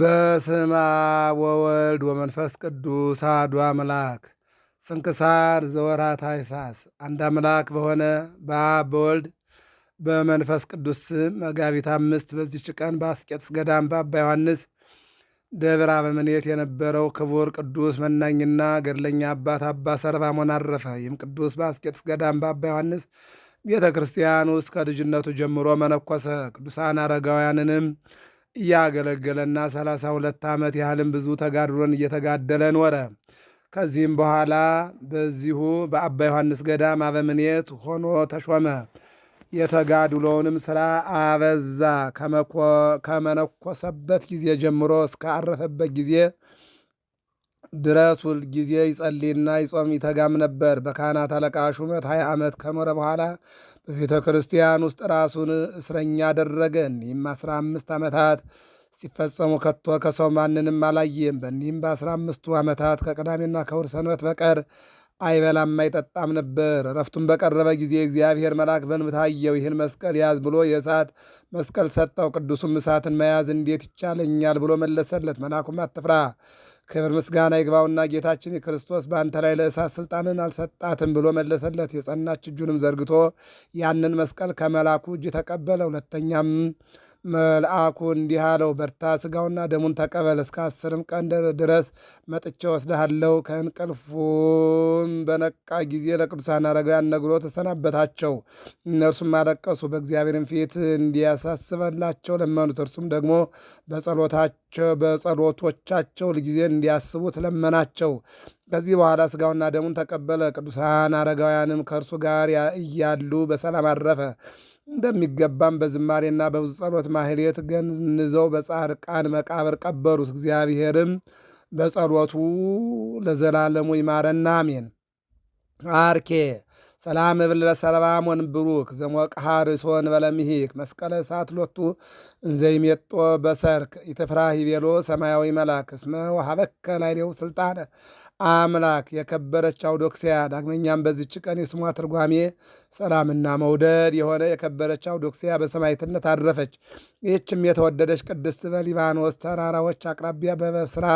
በስመ አብ ወወልድ ወመንፈስ ቅዱስ አሐዱ አምላክ። ስንክሳር ዘወርኃ ታኅሣሥ። አንድ አምላክ በሆነ በአብ በወልድ በመንፈስ ቅዱስ ስም መጋቢት አምስት በዚች ቀን በአስቄጥስ ገዳም በአባ ዮሐንስ ደብረ አበምኔት የነበረው ክቡር ቅዱስ መናኝና ገድለኛ አባት አባ ሰረባሞን አረፈ። ይህም ቅዱስ በአስቄጥስ ገዳም በአባ ዮሐንስ ቤተ ክርስቲያን ውስጥ ከልጅነቱ ጀምሮ መነኮሰ። ቅዱሳን አረጋውያንንም እያገለገለና ሰላሳ ሁለት ዓመት ያህልም ብዙ ተጋድሎን እየተጋደለ ኖረ። ከዚህም በኋላ በዚሁ በአባ ዮሐንስ ገዳም አበምኔት ሆኖ ተሾመ። የተጋድሎውንም ሥራ አበዛ። ከመነኮሰበት ጊዜ ጀምሮ እስከ አረፈበት ጊዜ ድረስ ሁል ጊዜ ይጸልይና ይጾም ይተጋም ነበር። በካህናት አለቃ ሹመት ሀያ ዓመት ከኖረ በኋላ በቤተ ክርስቲያን ውስጥ ራሱን እስረኛ አደረገ። እኒህም አስራ አምስት ዓመታት ሲፈጸሙ ከቶ ከሰው ማንንም አላየም። በእኒህም በአስራ አምስቱ ዓመታት ከቅዳሜና ከእሑድ ሰንበት በቀር አይበላም አይጠጣም ነበር። እረፍቱም በቀረበ ጊዜ እግዚአብሔር መልአክ በሕልም ታየው። ይህን መስቀል ያዝ ብሎ የእሳት መስቀል ሰጠው። ቅዱሱም እሳትን መያዝ እንዴት ይቻለኛል ብሎ መለሰለት። መልአኩም አትፍራ ክብር ምስጋና ይግባውና ጌታችን ክርስቶስ በአንተ ላይ ለእሳት ስልጣንን አልሰጣትም ብሎ መለሰለት። የጸናች እጁንም ዘርግቶ ያንን መስቀል ከመላኩ እጅ ተቀበለ። ሁለተኛም መልአኩ እንዲህ አለው፣ በርታ ስጋውና ደሙን ተቀበል፣ እስከ አስርም ቀን ድረስ መጥቼ ወስደሃለው። ከእንቅልፉም በነቃ ጊዜ ለቅዱሳን አረጋውያን ነግሮ ተሰናበታቸው። እነርሱም አለቀሱ፣ በእግዚአብሔርም ፊት እንዲያሳስበላቸው ለመኑት። እርሱም ደግሞ በጸሎቶቻቸው ልጊዜ እንዲያስቡት ለመናቸው። ከዚህ በኋላ ስጋውና ደሙን ተቀበለ። ቅዱሳን አረጋውያንም ከእርሱ ጋር እያሉ በሰላም አረፈ። እንደሚገባም በዝማሬና በብዙ ጸሎት ማህሌት ገንዘው በጻድቃን መቃብር ቀበሩት። እግዚአብሔርም በጸሎቱ ለዘላለሙ ይማረና አሜን። አርኬ ሰላም እብል ለሰለባሞን ብሩክ ዘሞቅሃ ርእሶ በለምሂክ መስቀለ እሳት ሎቱ እንዘይሜጦ በሰርክ ኢትፍራህ ይቤሎ ሰማያዊ መላክ እስመ ወሀበከ ላዕሌው ስልጣነ አምላክ የከበረች አውዶክስያ ዳግመኛም በዚች ቀን የስሟ ትርጓሜ ሰላምና መውደድ የሆነ የከበረች አውዶክስያ በሰማይትነት አረፈች። ይህችም የተወደደች ቅድስት በሊባኖስ ተራራዎች አቅራቢያ በበስራ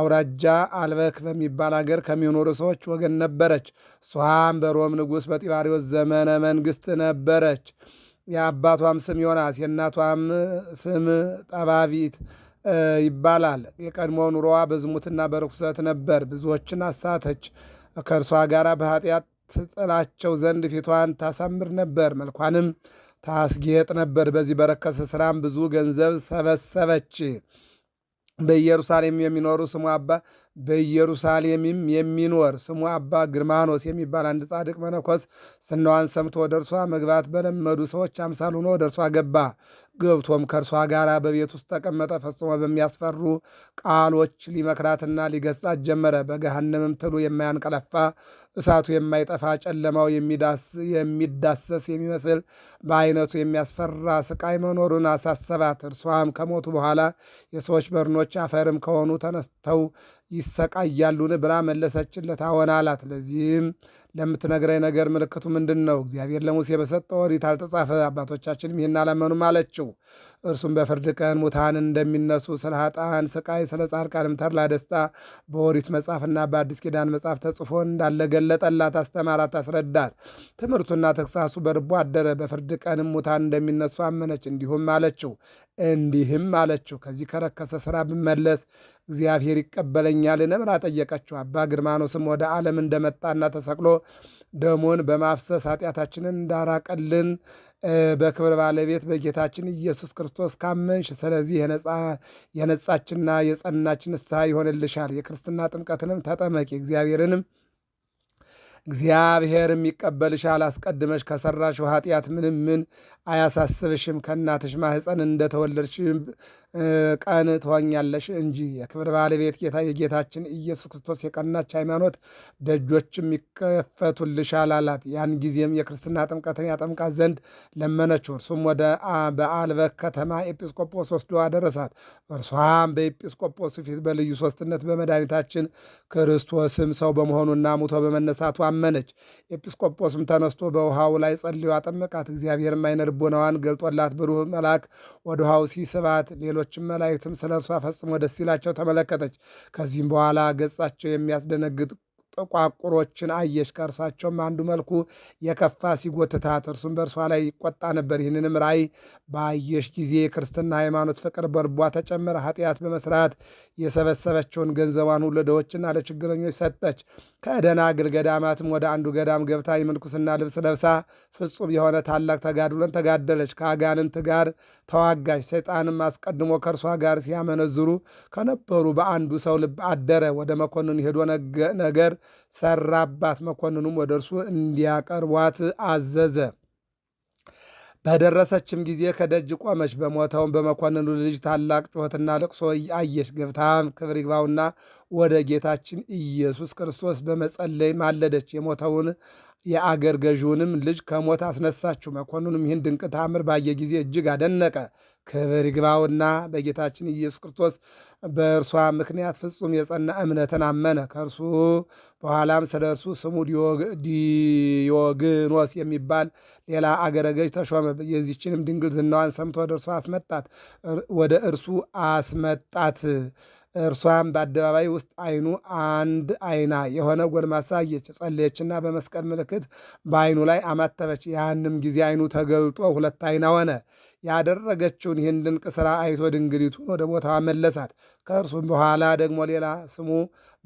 አውራጃ አልበክ በሚባል አገር ከሚኖሩ ሰዎች ወገን ነበረች። እሷም በሮም ንጉሥ በጢባሪዎስ ዘመነ መንግሥት ነበረች። የአባቷም ስም ዮናስ የእናቷም ስም ጠባቢት ይባላል። የቀድሞ ኑሮዋ በዝሙትና በርኩሰት ነበር። ብዙዎችን አሳተች። ከእርሷ ጋር በኃጢአት ትጥላቸው ዘንድ ፊቷን ታሳምር ነበር። መልኳንም ታስጌጥ ነበር። በዚህ በረከሰ ስራም ብዙ ገንዘብ ሰበሰበች። በኢየሩሳሌም የሚኖሩ ስሙ አባ በኢየሩሳሌምም የሚኖር ስሙ አባ ግርማኖስ የሚባል አንድ ጻድቅ መነኮስ ስናዋን ሰምቶ ወደ እርሷ መግባት በለመዱ ሰዎች አምሳል ሆኖ ወደ እርሷ ገባ። ገብቶም ከእርሷ ጋር በቤት ውስጥ ተቀመጠ። ፈጽሞ በሚያስፈሩ ቃሎች ሊመክራትና ሊገጻ ጀመረ። በገሃነምም ትሉ የማያንቀለፋ እሳቱ የማይጠፋ ጨለማው የሚዳሰስ የሚመስል በአይነቱ የሚያስፈራ ስቃይ መኖሩን አሳሰባት። እርሷም ከሞቱ በኋላ የሰዎች በድኖች አፈርም ከሆኑ ተነስተው ይስ ይሰቃያሉን ብላ መለሰችለት። አዎን አላት። ለዚህም ለምትነግረኝ ነገር ምልክቱ ምንድን ነው? እግዚአብሔር ለሙሴ በሰጠው ኦሪት አልተጻፈ አባቶቻችንም ይህን አላመኑም አለችው። እርሱም በፍርድ ቀን ሙታን እንደሚነሱ ስለ ኃጥአን ስቃይ፣ ስለ ጻድቃንም ተድላ ደስታ በኦሪት መጽሐፍና በአዲስ ኪዳን መጽሐፍ ተጽፎ እንዳለ ገለጠላት፣ አስተማራት፣ አስረዳት። ትምህርቱና ተግሳሱ በልቦ አደረ። በፍርድ ቀንም ሙታን እንደሚነሱ አመነች። እንዲሁም አለችው እንዲህም አለችው ከዚህ ከረከሰ ስራ ብመለስ እግዚአብሔር ይቀበለኛል ብላ ጠየቀችው። አባ ግርማኖስም ወደ ዓለም እንደመጣና ተሰቅሎ ደሞን በማፍሰስ ኃጢአታችንን እንዳራቀልን በክብር ባለቤት በጌታችን ኢየሱስ ክርስቶስ ካመንሽ፣ ስለዚህ የነጻችና የጸናች ንስሐ ይሆንልሻል። የክርስትና ጥምቀትንም ተጠመቂ እግዚአብሔርንም እግዚአብሔርም ይቀበልሻል። አስቀድመሽ ከሠራሽው ኃጢአት ምንም ምን አያሳስብሽም። ከእናትሽ ማኅፀን እንደተወለድሽ ቀን ትሆኛለሽ እንጂ የክብር ባለቤት ጌታ የጌታችን ኢየሱስ ክርስቶስ የቀናች ሃይማኖት ደጆችም ይከፈቱልሻል አላት። ያን ጊዜም የክርስትና ጥምቀትን ያጠምቃት ዘንድ ለመነችው። እርሱም ወደ በአልበ ከተማ ኤጲስቆጶስ ወስዶ አደረሳት። እርሷም በኤጲስቆጶስ ፊት በልዩ ሶስትነት በመድኃኒታችን ክርስቶስም ሰው በመሆኑና ሙቶ በመነሳቱ ለመነች። ኤጲስቆጶስም ተነስቶ በውሃው ላይ ጸልዮ አጠመቃት። እግዚአብሔርም ዓይነ ልቦናዋን ገልጦላት ብሩህ መልአክ ወደ ውሃው ሲስባት፣ ሌሎችም መላእክትም ስለ እርሷ ፈጽሞ ደስ ሲላቸው ተመለከተች። ከዚህም በኋላ ገጻቸው የሚያስደነግጥ ጥቋቁሮችን አየች። ከእርሳቸውም አንዱ መልኩ የከፋ ሲጎትታት፣ እርሱም በእርሷ ላይ ይቆጣ ነበር። ይህንንም ራእይ ባየሽ ጊዜ የክርስትና ሃይማኖት ፍቅር በልቧ ተጨመረ። ኃጢአት በመስራት የሰበሰበችውን ገንዘቧን ለድሆችና ለችግረኞች ሰጠች። ከደናግል ገዳማትም ወደ አንዱ ገዳም ገብታ የምንኩስና ልብስ ለብሳ ፍጹም የሆነ ታላቅ ተጋድሎን ተጋደለች። ከአጋንንት ጋር ተዋጋች። ሰይጣንም አስቀድሞ ከእርሷ ጋር ሲያመነዝሩ ከነበሩ በአንዱ ሰው ልብ አደረ። ወደ መኮንኑ ሄዶ ነገር ሰራባት። መኮንኑም ወደ እርሱ እንዲያቀርቧት አዘዘ። በደረሰችም ጊዜ ከደጅ ቆመች። በሞተውን በመኮንኑ ልጅ ታላቅ ጩኸትና ልቅሶ አየች። ገብታም ክብር ይግባውና ወደ ጌታችን ኢየሱስ ክርስቶስ በመጸለይ ማለደች። የሞተውን የአገር ገዢውንም ልጅ ከሞት አስነሳችሁ። መኮንኑም ይህን ድንቅ ታምር ባየ ጊዜ እጅግ አደነቀ። ክብር ይግባውና በጌታችን ኢየሱስ ክርስቶስ በእርሷ ምክንያት ፍጹም የጸና እምነትን አመነ። ከእርሱ በኋላም ስለ እርሱ ስሙ ዲዮግኖስ የሚባል ሌላ አገረ ገዥ ተሾመ። የዚችንም ድንግል ዝናዋን ሰምቶ ወደ እርሱ አስመጣት ወደ እርሱ አስመጣት። እርሷም በአደባባይ ውስጥ አይኑ አንድ አይና የሆነ ጎልማሳ አየች። ጸለየችና በመስቀል ምልክት በአይኑ ላይ አማተበች። ያንም ጊዜ አይኑ ተገልጦ ሁለት አይና ሆነ። ያደረገችውን ይህን ድንቅ ሥራ አይቶ ድንግሊቱን ወደ ቦታ መለሳት። ከእርሱም በኋላ ደግሞ ሌላ ስሙ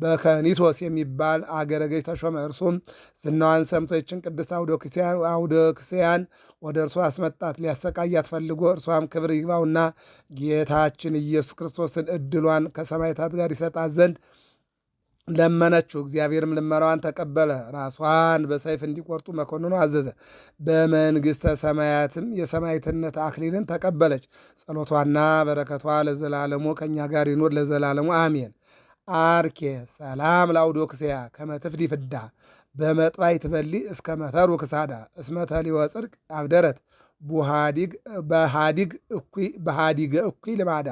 በከኒቶስ የሚባል አገረ ገዥ ተሾመ። እርሱም ዝናዋን ሰምቶ ይችን ቅድስት አውዶክስያን ወደ እርሱ አስመጣት ሊያሰቃያት ፈልጎ፣ እርሷም ክብር ይግባውና ጌታችን ኢየሱስ ክርስቶስን እድሏን ከሰማዕታት ጋር ይሰጣት ዘንድ ለመነችው። እግዚአብሔርም ልመናዋን ተቀበለ። ራሷን በሰይፍ እንዲቆርጡ መኮንኑ አዘዘ። በመንግሥተ ሰማያትም የሰማዕትነት አክሊልን ተቀበለች። ጸሎቷና በረከቷ ለዘላለሙ ከእኛ ጋር ይኖር ለዘላለሙ አሜን። አርኬ ሰላም ላውዶክስያ ከመትፍድ ፍዳ በመጥባይ ትበሊ እስከ መተሩ ክሳዳ እስመተሊወ ተሊወ ጽድቅ አብደረት በሃዲግ እኩ እኩይ ልማዳ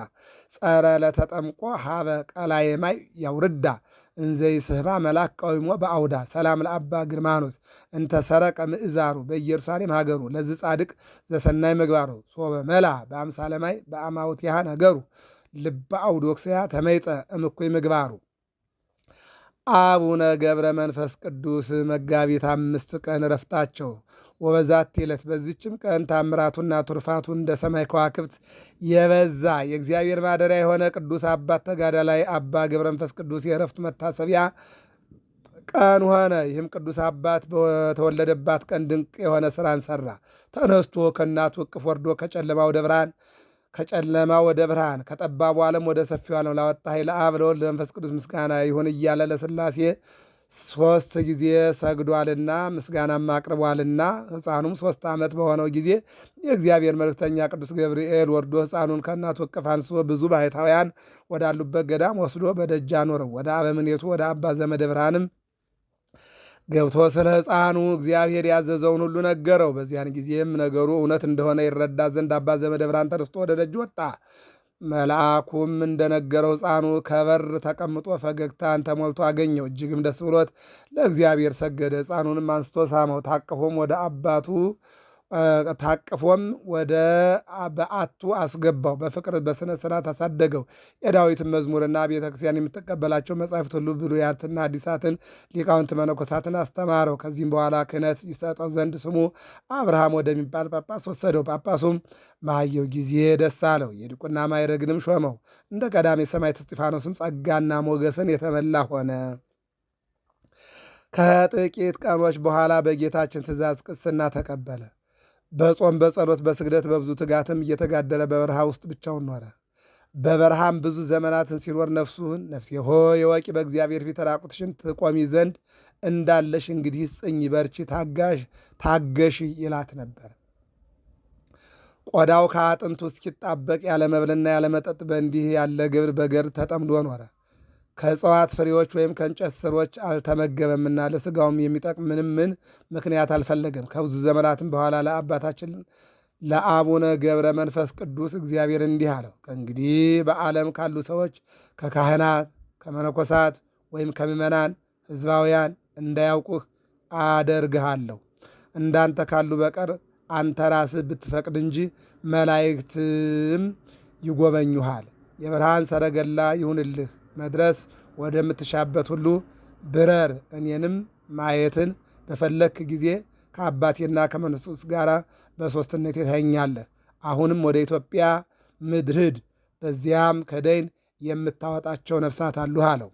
ጸረ ለተጠምቆ ሀበ ቀላየ ማይ ያውርዳ እንዘይ ስህባ መላክ ቀዊሞ በአውዳ ሰላም ለአባ ግርማኖት እንተሰረቀ ምእዛሩ በኢየሩሳሌም ሀገሩ ለዝ ጻድቅ ዘሰናይ ምግባሩ ሶበ መላ በአምሳለማይ በአማውት ያሃ ነገሩ ልበ አውዶክስያ ተመይጠ እምኩይ ምግባሩ አቡነ ገብረ መንፈስ ቅዱስ መጋቢት አምስት ቀን ረፍታቸው ወበዛት ዕለት በዚችም ቀን ታምራቱና ቱርፋቱ እንደ ሰማይ ከዋክብት የበዛ የእግዚአብሔር ማደሪያ የሆነ ቅዱስ አባት ተጋዳላይ አባ ገብረ መንፈስ ቅዱስ የእረፍቱ መታሰቢያ ቀን ሆነ። ይህም ቅዱስ አባት በተወለደባት ቀን ድንቅ የሆነ ስራን ሰራ። ተነስቶ ከእናቱ እቅፍ ወርዶ ከጨለማ ወደ ብርሃን ከጨለማ ወደ ብርሃን ከጠባቡ ዓለም ወደ ሰፊው ዓለም ላወጣህ ለአብ ለወልድ ለመንፈስ ቅዱስ ምስጋና ይሁን እያለ ለስላሴ ሶስት ጊዜ ሰግዷልና ምስጋናም አቅርቧልና ሕፃኑም ሶስት ዓመት በሆነው ጊዜ የእግዚአብሔር መልእክተኛ ቅዱስ ገብርኤል ወርዶ ሕፃኑን ከእናቱ እቅፍ አንስቶ ብዙ ባሕታውያን ወዳሉበት ገዳም ወስዶ በደጅ አኖረው። ወደ አበምኔቱ ወደ አባ ዘመደ ብርሃንም ገብቶ ስለ ሕፃኑ እግዚአብሔር ያዘዘውን ሁሉ ነገረው። በዚያን ጊዜም ነገሩ እውነት እንደሆነ ይረዳ ዘንድ አባ ዘመደ ብርሃን ተነስቶ ወደ ደጅ ወጣ። መልአኩም እንደነገረው ሕፃኑ ከበር ተቀምጦ ፈገግታን ተሞልቶ አገኘው። እጅግም ደስ ብሎት ለእግዚአብሔር ሰገደ። ሕፃኑንም አንስቶ ሳመው፣ ታቅፎም ወደ አባቱ ታቅፎም ወደ በአቱ አስገባው። በፍቅር በስነ ስርዓት አሳደገው። የዳዊትን መዝሙርና ቤተክርስቲያን የምትቀበላቸው መጻሕፍት ሁሉ ብሉያትና አዲሳትን ሊቃውንት መነኮሳትን አስተማረው። ከዚህም በኋላ ክህነት ይሰጠው ዘንድ ስሙ አብርሃም ወደሚባል ጳጳስ ወሰደው። ጳጳሱም ማየው ጊዜ ደስ አለው። የዲቁና ማይረግንም ሾመው። እንደ ቀዳሜ ሰማዕት እስጢፋኖስም ጸጋና ሞገስን የተመላ ሆነ። ከጥቂት ቀኖች በኋላ በጌታችን ትእዛዝ ቅስና ተቀበለ። በጾም በጸሎት በስግደት በብዙ ትጋትም እየተጋደለ በበረሃ ውስጥ ብቻውን ኖረ። በበረሃም ብዙ ዘመናትን ሲኖር ነፍሱን ነፍሴ ሆይ እወቂ በእግዚአብሔር ፊት ራቁትሽን ትቆሚ ዘንድ እንዳለሽ እንግዲህ ጽኝ፣ በርቺ፣ ታጋሽ ታገሽ ይላት ነበር። ቆዳው ከአጥንቱ እስኪጣበቅ ያለ መብልና ያለ መጠጥ በእንዲህ ያለ ግብር በገር ተጠምዶ ኖረ። ከእጽዋት ፍሬዎች ወይም ከእንጨት ስሮች አልተመገበምና ለስጋውም የሚጠቅም ምንም ምን ምክንያት አልፈለገም። ከብዙ ዘመናትም በኋላ ለአባታችን ለአቡነ ገብረ መንፈስ ቅዱስ እግዚአብሔር እንዲህ አለው። ከእንግዲህ በዓለም ካሉ ሰዎች ከካህናት፣ ከመነኮሳት ወይም ከምዕመናን ሕዝባውያን እንዳያውቁህ አደርግሃለሁ። እንዳንተ ካሉ በቀር አንተ ራስህ ብትፈቅድ እንጂ መላእክትም ይጎበኙሃል። የብርሃን ሰረገላ ይሁንልህ መድረስ ወደምትሻበት ሁሉ ብረር። እኔንም ማየትን በፈለክ ጊዜ ከአባቴና ከመንሱስ ጋር በሦስትነት የተኛለህ። አሁንም ወደ ኢትዮጵያ ምድር ሂድ፣ በዚያም ከደይን የምታወጣቸው ነፍሳት አሉ አለው።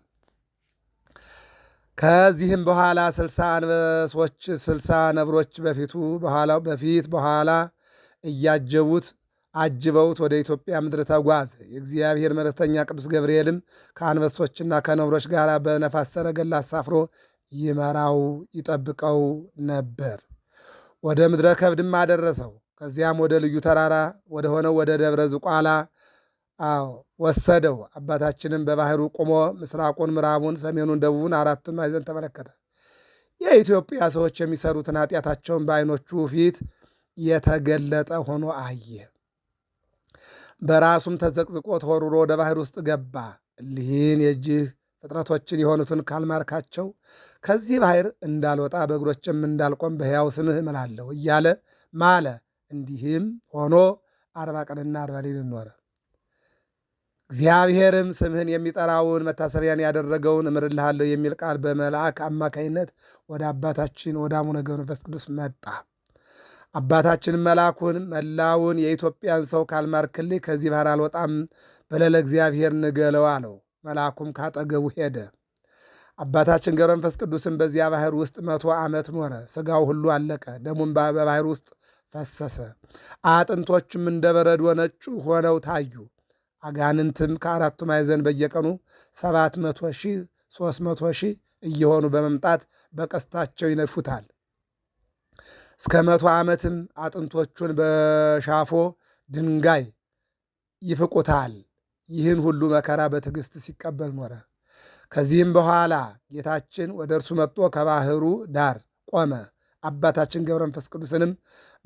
ከዚህም በኋላ ስልሳ አንበሶች ስልሳ ነብሮች በፊቱ በፊት በኋላ እያጀቡት አጅበውት ወደ ኢትዮጵያ ምድር ተጓዘ። የእግዚአብሔር መልእክተኛ ቅዱስ ገብርኤልም ከአንበሶችና ከነብሮች ጋር በነፋስ ሰረገላ አሳፍሮ ይመራው ይጠብቀው ነበር። ወደ ምድረ ከብድም አደረሰው። ከዚያም ወደ ልዩ ተራራ ወደ ሆነው ወደ ደብረ ዝቋላ ወሰደው። አባታችንም በባህሩ ቆሞ ምስራቁን፣ ምዕራቡን፣ ሰሜኑን፣ ደቡቡን አራቱን ማዕዘን ተመለከተ። የኢትዮጵያ ሰዎች የሚሰሩትን ኃጢአታቸውን በዓይኖቹ ፊት የተገለጠ ሆኖ አየ። በራሱም ተዘቅዝቆ ተወርሮ ወደ ባህር ውስጥ ገባ። እሊህን የእጅህ ፍጥረቶችን የሆኑትን ካልማርካቸው ከዚህ ባህር እንዳልወጣ በእግሮችም እንዳልቆም በሕያው ስምህ እምላለሁ እያለ ማለ። እንዲህም ሆኖ አርባ ቀንና አርባ ሌሊት ኖረ። እግዚአብሔርም ስምህን የሚጠራውን መታሰቢያን ያደረገውን እምርልሃለሁ የሚል ቃል በመልአክ አማካይነት ወደ አባታችን ወደ አቡነ ገብረ መንፈስ ቅዱስ መጣ። አባታችን መላኩን መላውን የኢትዮጵያን ሰው ካልማርክልኝ ከዚህ ባህር አልወጣም በለለ እግዚአብሔር ንገለው አለው። መላኩም ካጠገቡ ሄደ። አባታችን ገብረ መንፈስ በዚያ ባህር ውስጥ መቶ ዓመት ኖረ። ስጋው ሁሉ አለቀ፣ ደሙም በባህር ውስጥ ፈሰሰ። አጥንቶችም እንደ በረዶ ነጩ ሆነው ታዩ። አጋንንትም ከአራቱ ማዕዘን በየቀኑ ሰባት መቶ ሺህ ሦስት መቶ ሺህ እየሆኑ በመምጣት በቀስታቸው ይነፉታል። እስከ መቶ ዓመትም አጥንቶቹን በሻፎ ድንጋይ ይፍቁታል። ይህን ሁሉ መከራ በትዕግሥት ሲቀበል ኖረ። ከዚህም በኋላ ጌታችን ወደ እርሱ መጥቶ ከባህሩ ዳር ቆመ። አባታችን ገብረ መንፈስ ቅዱስንም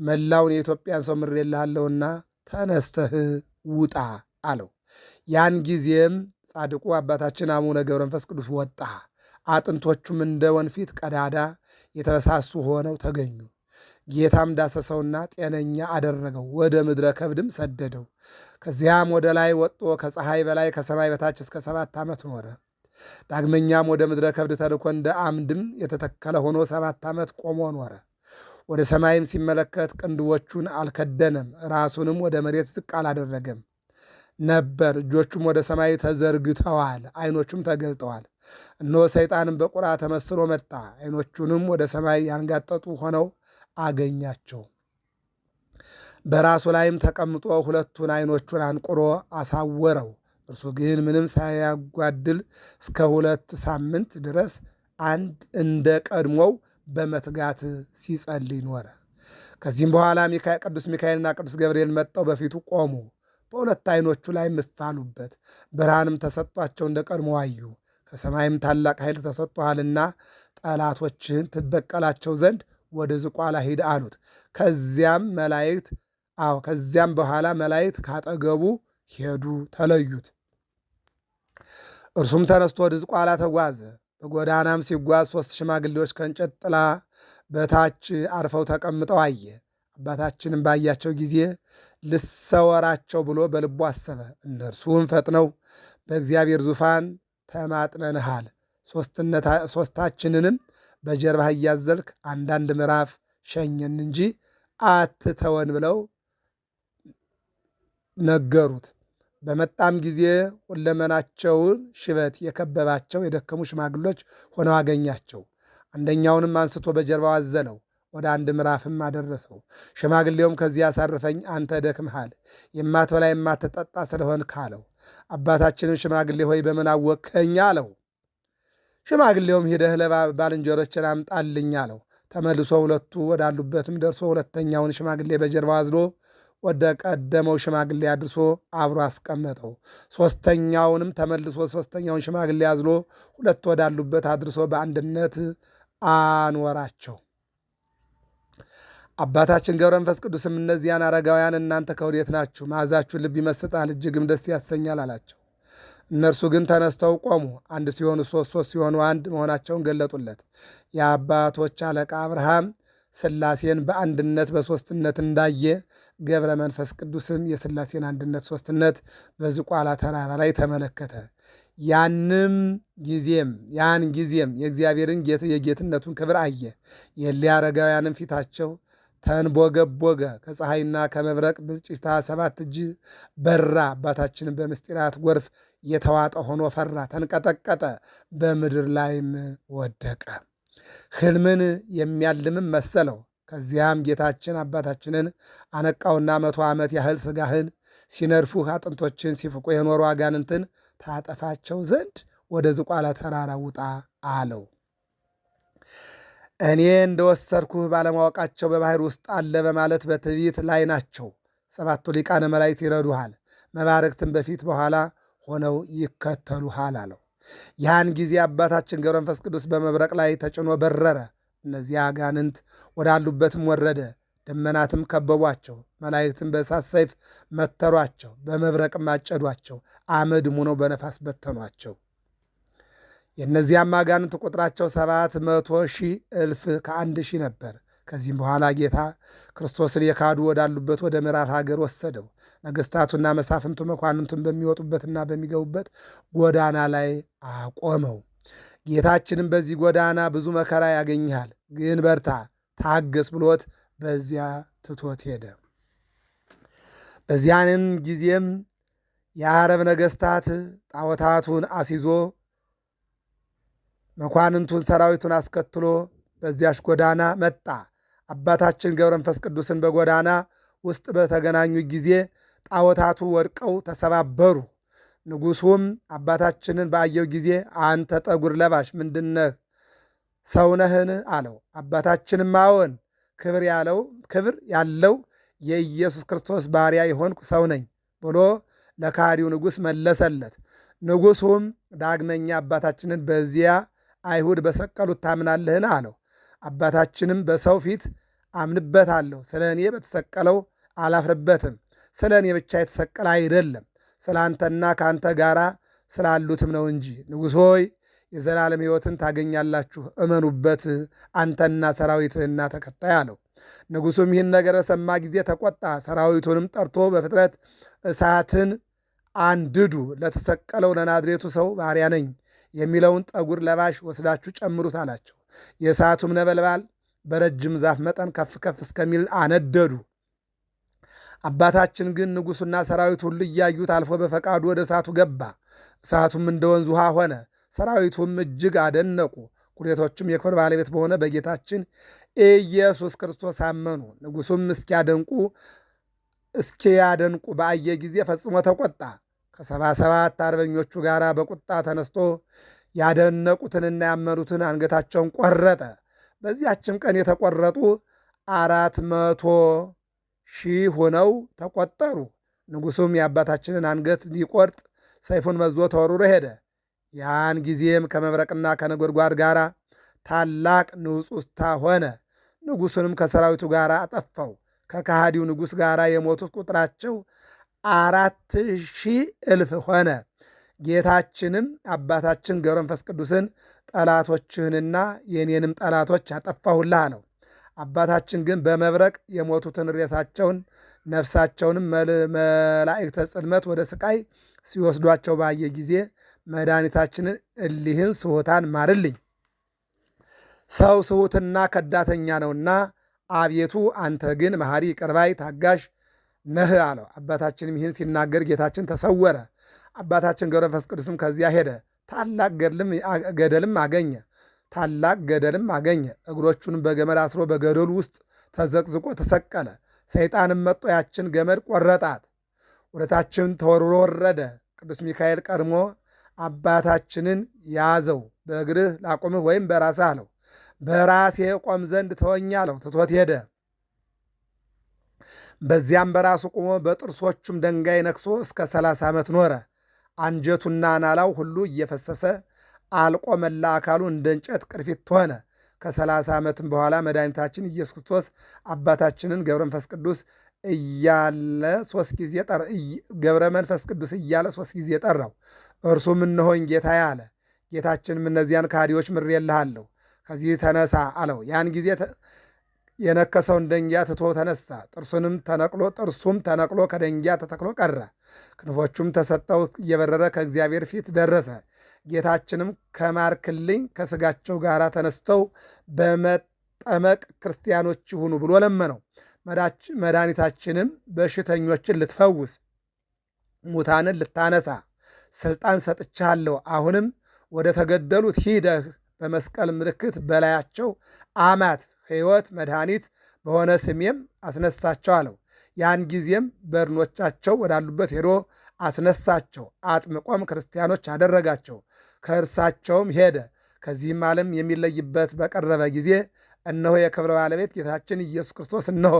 መላውን የኢትዮጵያን ሰው ምሬልሃለሁና ተነስተህ ውጣ አለው። ያን ጊዜም ጻድቁ አባታችን አቡነ ገብረ መንፈስ ቅዱስ ወጣ። አጥንቶቹም እንደ ወንፊት ቀዳዳ የተበሳሱ ሆነው ተገኙ። ጌታም ዳሰሰውና ጤነኛ አደረገው፣ ወደ ምድረ ከብድም ሰደደው። ከዚያም ወደ ላይ ወጥቶ ከፀሐይ በላይ ከሰማይ በታች እስከ ሰባት ዓመት ኖረ። ዳግመኛም ወደ ምድረ ከብድ ተልኮ እንደ አምድም የተተከለ ሆኖ ሰባት ዓመት ቆሞ ኖረ። ወደ ሰማይም ሲመለከት ቅንድቦቹን አልከደነም፣ ራሱንም ወደ መሬት ዝቅ አላደረገም ነበር። እጆቹም ወደ ሰማይ ተዘርግተዋል፣ ዓይኖቹም ተገልጠዋል። እነሆ ሰይጣንም በቁራ ተመስሎ መጣ፣ ዓይኖቹንም ወደ ሰማይ ያንጋጠጡ ሆነው አገኛቸው። በራሱ ላይም ተቀምጦ ሁለቱን ዓይኖቹን አንቁሮ አሳወረው። እርሱ ግን ምንም ሳያጓድል እስከ ሁለት ሳምንት ድረስ አንድ እንደ ቀድሞው በመትጋት ሲጸልይ ኖረ። ከዚህም በኋላ ቅዱስ ሚካኤልና ቅዱስ ገብርኤል መጠው በፊቱ ቆሙ። በሁለት ዓይኖቹ ላይ ምፋሉበት፣ ብርሃንም ተሰጧቸው እንደ ቀድሞ አዩ። ከሰማይም ታላቅ ኃይል ተሰጥቶሃልና ጠላቶችህን ትበቀላቸው ዘንድ ወደ ዝቋላ ሂድ አሉት። ከዚያም መላእክት አዎ ከዚያም በኋላ መላእክት ካጠገቡ ሄዱ፣ ተለዩት። እርሱም ተነስቶ ወደ ዝቋላ ተጓዘ። በጎዳናም ሲጓዝ ሦስት ሽማግሌዎች ከእንጨት ጥላ በታች አርፈው ተቀምጠው አየ። አባታችንም ባያቸው ጊዜ ልሰወራቸው ብሎ በልቡ አሰበ። እነርሱም ፈጥነው በእግዚአብሔር ዙፋን ተማጥነንሃል፣ ሦስታችንንም በጀርባህ እያዘልክ አንዳንድ ምዕራፍ ሸኘን እንጂ አትተወን ብለው ነገሩት። በመጣም ጊዜ ሁለመናቸውን ሽበት የከበባቸው የደከሙ ሽማግሎች ሆነው አገኛቸው። አንደኛውንም አንስቶ በጀርባው አዘለው፣ ወደ አንድ ምዕራፍም አደረሰው። ሽማግሌውም ከዚህ አሳርፈኝ፣ አንተ ደክምሃል፣ የማትበላ የማትጠጣ ስለሆን ካለው አባታችንም ሽማግሌ ሆይ በምን አወቅከኝ? አለው። ሽማግሌውም ሂደህ ለባልንጀሮችን አምጣልኝ አለው። ተመልሶ ሁለቱ ወዳሉበትም ደርሶ ሁለተኛውን ሽማግሌ በጀርባ አዝሎ ወደ ቀደመው ሽማግሌ አድርሶ አብሮ አስቀመጠው። ሦስተኛውንም ተመልሶ ሦስተኛውን ሽማግሌ አዝሎ ሁለቱ ወዳሉበት አድርሶ በአንድነት አኖራቸው። አባታችን ገብረ መንፈስ ቅዱስም እነዚያን አረጋውያን እናንተ ከወዴት ናችሁ? መዓዛችሁ ልብ ይመስጣል፣ እጅግም ደስ ያሰኛል አላቸው። እነርሱ ግን ተነስተው ቆሙ። አንድ ሲሆኑ ሶስት ሶስት ሲሆኑ አንድ መሆናቸውን ገለጡለት። የአባቶች አለቃ አብርሃም ስላሴን በአንድነት በሶስትነት እንዳየ ገብረ መንፈስ ቅዱስም የስላሴን አንድነት ሦስትነት በዝቋላ ተራራ ላይ ተመለከተ። ያንም ጊዜም ያን ጊዜም የእግዚአብሔርን የጌትነቱን ክብር አየ። የሊያረጋውያንም ፊታቸው ተንቦገቦገ ከፀሐይና ከመብረቅ ብልጭታ ሰባት እጅ በራ። አባታችን በምስጢራት ጎርፍ የተዋጠ ሆኖ ፈራ፣ ተንቀጠቀጠ፣ በምድር ላይም ወደቀ። ሕልምን የሚያልምም መሰለው። ከዚያም ጌታችን አባታችንን አነቃውና መቶ ዓመት ያህል ሥጋህን ሲነድፉህ አጥንቶችን ሲፍቁ የኖሩ አጋንንትን ታጠፋቸው ዘንድ ወደ ዝቋላ ተራራ ውጣ አለው። እኔ እንደወሰድኩህ ባለማወቃቸው በባህር ውስጥ አለ በማለት በትዕቢት ላይ ናቸው። ሰባቱ ሊቃነ መላእክት ይረዱሃል፣ መባረክትን በፊት በኋላ ሆነው ይከተሉሃል አለው። ያን ጊዜ አባታችን ገብረ መንፈስ ቅዱስ በመብረቅ ላይ ተጭኖ በረረ። እነዚያ አጋንንት ወዳሉበትም ወረደ። ደመናትም ከበቧቸው፣ መላእክትን በእሳት ሰይፍ መተሯቸው፣ በመብረቅም አጨዷቸው፣ አመድም ሆነው በነፋስ በተኗቸው። የእነዚያም አጋንንት ቁጥራቸው ሰባት መቶ ሺህ እልፍ ከአንድ ሺህ ነበር። ከዚህም በኋላ ጌታ ክርስቶስን የካዱ ወዳሉበት ወደ ምዕራብ ሀገር ወሰደው። ነገሥታቱና መሳፍንቱ መኳንንቱን በሚወጡበትና በሚገቡበት ጎዳና ላይ አቆመው። ጌታችንም በዚህ ጎዳና ብዙ መከራ ያገኝሃል፣ ግን በርታ፣ ታገስ ብሎት በዚያ ትቶት ሄደ። በዚያንን ጊዜም የአረብ ነገሥታት ጣዖታቱን አስይዞ መኳንንቱን ሰራዊቱን አስከትሎ በዚያች ጎዳና መጣ። አባታችን ገብረ መንፈስ ቅዱስን በጎዳና ውስጥ በተገናኙ ጊዜ ጣዖታቱ ወድቀው ተሰባበሩ። ንጉሱም አባታችንን ባየው ጊዜ አንተ ጠጉር ለባሽ ምንድነህ? ሰውነህን አለው። አባታችንም አዎን፣ ክብር ያለው ክብር ያለው የኢየሱስ ክርስቶስ ባሪያ የሆንኩ ሰው ነኝ ብሎ ለካሪው ንጉሥ መለሰለት። ንጉሱም ዳግመኛ አባታችንን በዚያ አይሁድ በሰቀሉት ታምናለህን አለው። አባታችንም በሰው ፊት አምንበታለሁ፣ ስለ እኔ በተሰቀለው አላፍርበትም። ስለ እኔ ብቻ የተሰቀለ አይደለም ስለ አንተና ከአንተ ጋራ ስላሉትም ነው እንጂ። ንጉሥ ሆይ የዘላለም ሕይወትን ታገኛላችሁ፣ እመኑበት አንተና ሰራዊትህና ተከታይ አለው። ንጉሡም ይህን ነገር በሰማ ጊዜ ተቆጣ። ሰራዊቱንም ጠርቶ በፍጥረት እሳትን አንድዱ፣ ለተሰቀለው ለናዝሬቱ ሰው ባሪያ ነኝ የሚለውን ጠጉር ለባሽ ወስዳችሁ ጨምሩት አላቸው። የእሳቱም ነበልባል በረጅም ዛፍ መጠን ከፍ ከፍ እስከሚል አነደዱ። አባታችን ግን ንጉሡና ሰራዊት ሁሉ እያዩት አልፎ በፈቃዱ ወደ እሳቱ ገባ። እሳቱም እንደ ወንዝ ውሃ ሆነ። ሰራዊቱም እጅግ አደነቁ። ኩሬቶቹም የክብር ባለቤት በሆነ በጌታችን ኢየሱስ ክርስቶስ አመኑ። ንጉሡም እስኪያደንቁ እስኪያደንቁ በአየ ጊዜ ፈጽሞ ተቆጣ። ከሰባ ሰባት አርበኞቹ ጋር በቁጣ ተነስቶ ያደነቁትንና ያመኑትን አንገታቸውን ቆረጠ። በዚያችም ቀን የተቆረጡ አራት መቶ ሺህ ሆነው ተቆጠሩ። ንጉሱም የአባታችንን አንገት ሊቆርጥ ሰይፉን መዞ ተወርሮ ሄደ። ያን ጊዜም ከመብረቅና ከነጎድጓድ ጋር ታላቅ ንውጽውጽታ ሆነ። ንጉሱንም ከሰራዊቱ ጋር አጠፋው። ከካሃዲው ንጉሥ ጋር የሞቱት ቁጥራቸው አራት ሺህ እልፍ ሆነ። ጌታችንም አባታችን ገብረ መንፈስ ቅዱስን ጠላቶችህንና የእኔንም ጠላቶች አጠፋሁልህ አለው። አባታችን ግን በመብረቅ የሞቱትን ሬሳቸውን ነፍሳቸውንም መላእክተ ጽልመት ወደ ስቃይ ሲወስዷቸው ባየ ጊዜ መድኃኒታችንን እሊህን ስሑታን ማርልኝ፣ ሰው ስሑትና ከዳተኛ ነውና፣ አቤቱ አንተ ግን መሐሪ፣ ቅርባይ፣ ታጋሽ ነህ አለው። አባታችንም ይህን ሲናገር ጌታችን ተሰወረ። አባታችን ገብረ መንፈስ ቅዱስም ከዚያ ሄደ። ታላቅ ገደልም አገኘ ታላቅ ገደልም አገኘ። እግሮቹንም በገመድ አስሮ በገደሉ ውስጥ ተዘቅዝቆ ተሰቀለ። ሰይጣንም መጦ ያችን ገመድ ቆረጣት። ወደታችን ተወርሮ ወረደ። ቅዱስ ሚካኤል ቀድሞ አባታችንን ያዘው። በእግርህ ላቆምህ ወይም በራስህ አለው። በራሴ ቆም ዘንድ ተወኝ አለው። ትቶት ሄደ። በዚያም በራሱ ቆሞ በጥርሶቹም ደንጋይ ነክሶ እስከ ሰላሳ ዓመት ኖረ። አንጀቱና ናላው ሁሉ እየፈሰሰ አልቆ መላ አካሉ እንደ እንጨት ቅርፊት ሆነ። ከሰላሳ ዓመትም በኋላ መድኃኒታችን ኢየሱስ ክርስቶስ አባታችንን ገብረ መንፈስ ቅዱስ እያለ ሶስት ጊዜ ገብረ መንፈስ ቅዱስ እያለ ሶስት ጊዜ ጠራው። እርሱም እነሆኝ ጌታ አለ። ጌታችንም እነዚያን ካዲዎች ምሬልሃለሁ ከዚህ ተነሳ አለው። ያን ጊዜ የነከሰውን ደንጊያ ትቶ ተነሳ። ጥርሱንም ተነቅሎ ጥርሱም ተነቅሎ ከደንጊያ ተተክሎ ቀረ። ክንፎቹም ተሰጠው እየበረረ ከእግዚአብሔር ፊት ደረሰ። ጌታችንም ከማርክልኝ ከስጋቸው ጋር ተነስተው በመጠመቅ ክርስቲያኖች ይሁኑ ብሎ ለመነው። መድኃኒታችንም በሽተኞችን ልትፈውስ ሙታንን ልታነሳ ስልጣን ሰጥቻለሁ። አሁንም ወደ ተገደሉት ሂደህ በመስቀል ምልክት በላያቸው አማት ሕይወት መድኃኒት በሆነ ስሜም አስነሳቸው አለው። ያን ጊዜም በድኖቻቸው ወዳሉበት ሄዶ አስነሳቸው፣ አጥምቆም ክርስቲያኖች አደረጋቸው። ከእርሳቸውም ሄደ። ከዚህም ዓለም የሚለይበት በቀረበ ጊዜ እነሆ የክብረ ባለቤት ጌታችን ኢየሱስ ክርስቶስ እነሆ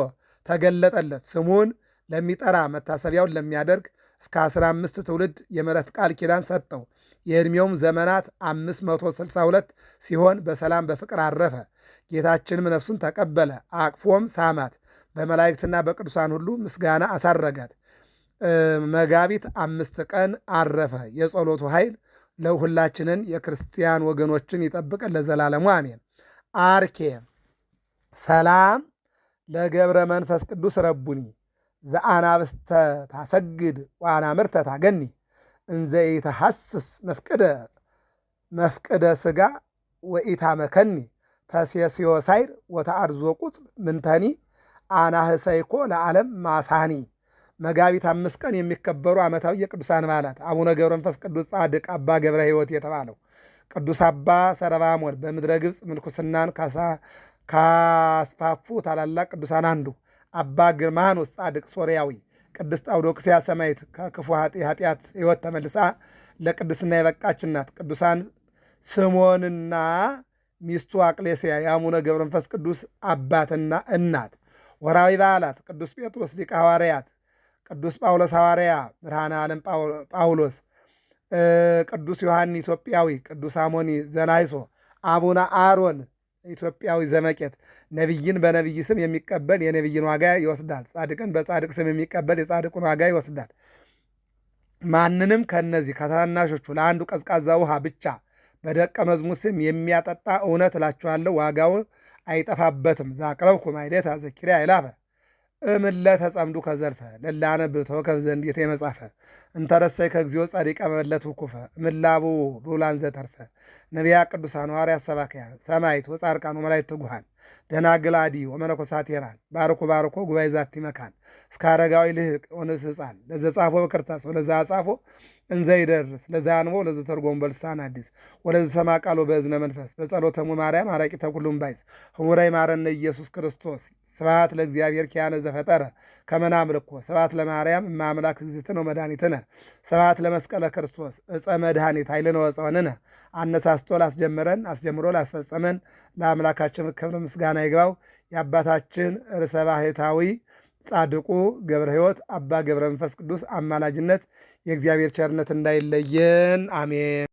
ተገለጠለት። ስሙን ለሚጠራ መታሰቢያውን ለሚያደርግ እስከ አስራ አምስት ትውልድ የምሕረት ቃል ኪዳን ሰጠው። የዕድሜውም ዘመናት 562 ሲሆን በሰላም በፍቅር አረፈ። ጌታችንም ነፍሱን ተቀበለ፣ አቅፎም ሳማት። በመላእክትና በቅዱሳን ሁሉ ምስጋና አሳረጋት። መጋቢት አምስት ቀን አረፈ። የጸሎቱ ኃይል ለሁላችንን የክርስቲያን ወገኖችን ይጠብቀን ለዘላለሙ አሜን። አርኬ ሰላም ለገብረ መንፈስ ቅዱስ ረቡኒ ዘአናብስተ ታሰግድ ምርተ ታገኒ እንዘ ኢተሐስስ መፍቅደ መፍቅደ ሥጋ ወኢታ መከኒ ተሴስዮ ሳይር ወተአርዞ ቁጽ ምንተኒ አናህሰይኮ ለዓለም ማሳኒ መጋቢት አምስት ቀን የሚከበሩ ዓመታዊ የቅዱሳን በዓላት አቡነ ገብረ መንፈስ ቅዱስ ጻድቅ፣ አባ ገብረ ሕይወት የተባለው ቅዱስ አባ ሰረባሞን በምድረ ግብፅ ምንኩስናን ካስፋፉ ታላላቅ ቅዱሳን አንዱ፣ አባ ግርማኖስ ጻድቅ ሶርያዊ ቅድስት አውዶክስያ ሰማዕት ከክፉ ኃጢአት ሕይወት ተመልሳ ለቅድስና የበቃች ናት። ቅዱሳን ስምዖንና ሚስቱ አቅሌስያ፣ የአቡነ ገብረ መንፈስ ቅዱስ አባትና እናት። ወራዊ በዓላት ቅዱስ ጴጥሮስ ሊቀ ሐዋርያት፣ ቅዱስ ጳውሎስ ሐዋርያ ብርሃነ ዓለም ጳውሎስ፣ ቅዱስ ዮሐን ኢትዮጵያዊ፣ ቅዱስ አሞኒ ዘናይሶ፣ አቡነ አሮን ኢትዮጵያዊ ዘመቄት ነቢይን በነቢይ ስም የሚቀበል የነቢይን ዋጋ ይወስዳል፣ ጻድቅን በጻድቅ ስም የሚቀበል የጻድቁን ዋጋ ይወስዳል። ማንንም ከነዚህ ከታናሾቹ ለአንዱ ቀዝቃዛ ውሃ ብቻ በደቀ መዝሙር ስም የሚያጠጣ እውነት እላችኋለሁ ዋጋው አይጠፋበትም። ዛቅረብኩ ማይሌታ ዘኪሪያ አይላፈ እምለ ተጸምዱ ከዘርፈ ለላ ነብቶ ከብዘንድ የተመጻፈ እንተረሰይ ከግዚኦ ጸሪቀ መበለት ውኩፈ ምላቡ ብውላን ዘተርፈ ነቢያ ቅዱሳን ሐዋርያት ሰባክያ ሰማይት ወጻርቃን ወመላይት ትጉሃን ደናግላዲ ወመነኮሳት የራን ባርኮ ባርኮ ጉባኤ ዛቲ መካን እስከ አረጋዊ ልህቅ ወንስ ህፃን ለዘጻፎ በክርታስ ወለዛ አጻፎ እንዘ ይደርስ ለዛንቦ ተርጎም በልሳን አዲስ ሰማ ቃሎ በእዝነ መንፈስ በጸሎተ እሙ ማርያም አራቂ ተኩሉም ባይስ ህሙራይ ማረነ ኢየሱስ ክርስቶስ ስብሐት ለእግዚአብሔር ኪያነ ዘፈጠረ ከመ ናምልኮ ስብሐት ለማርያም እማምላክ አምላክ እግዝእትነ ወመድኃኒትነ ስብሐት ለመስቀለ ክርስቶስ እፀ መድኃኒት ኃይልነ ወጸወንነ አነሳስቶ ላስጀምረን አስጀምሮ ላስፈጸመን ለአምላካችን ክብር ምስጋና ይግባው። የአባታችን ርሰ ባህታዊ ጻድቁ ገብረ ሕይወት አባ ገብረ መንፈስ ቅዱስ አማላጅነት የእግዚአብሔር ቸርነት እንዳይለየን አሜን።